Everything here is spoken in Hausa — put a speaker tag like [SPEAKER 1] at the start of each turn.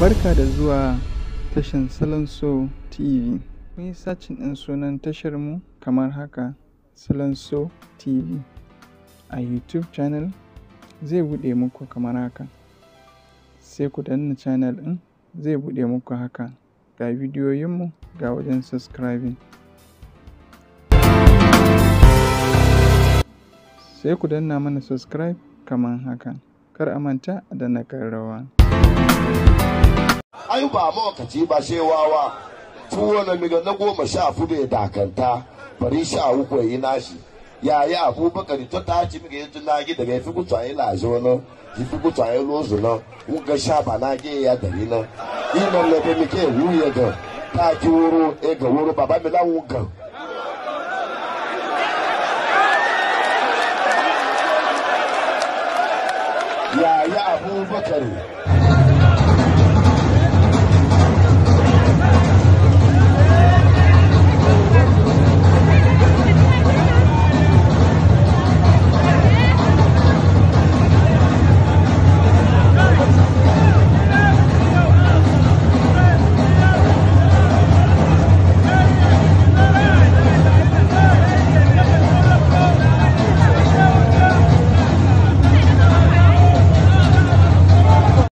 [SPEAKER 1] Barka da zuwa tashan Salon So TV. Kun yi sacin ɗin sunan tashar mu kamar haka Salon So TV a YouTube channel zai bude muku kamar haka. Sai ku danna channel ɗin zai bude muku haka. Ga bidiyoyinmu ga wajen subscribing. Sai ku danna mana subscribe kamar haka. Kar a manta da thank
[SPEAKER 2] you ai ba mawakaci ba sai wawa tuwo na miga na goma sha fudu ya dakanta bari sha uku yi nashi ya yi abubakar to ta ci miga yanzu na gi daga ifi kutu ayi lajo na ifi kutu ayi lozu na wuga sha ba na gi ya dari na ina na bi mike wuya ga ta ki wuro e ga wuro baba mi la wuga
[SPEAKER 3] ya yi abubakar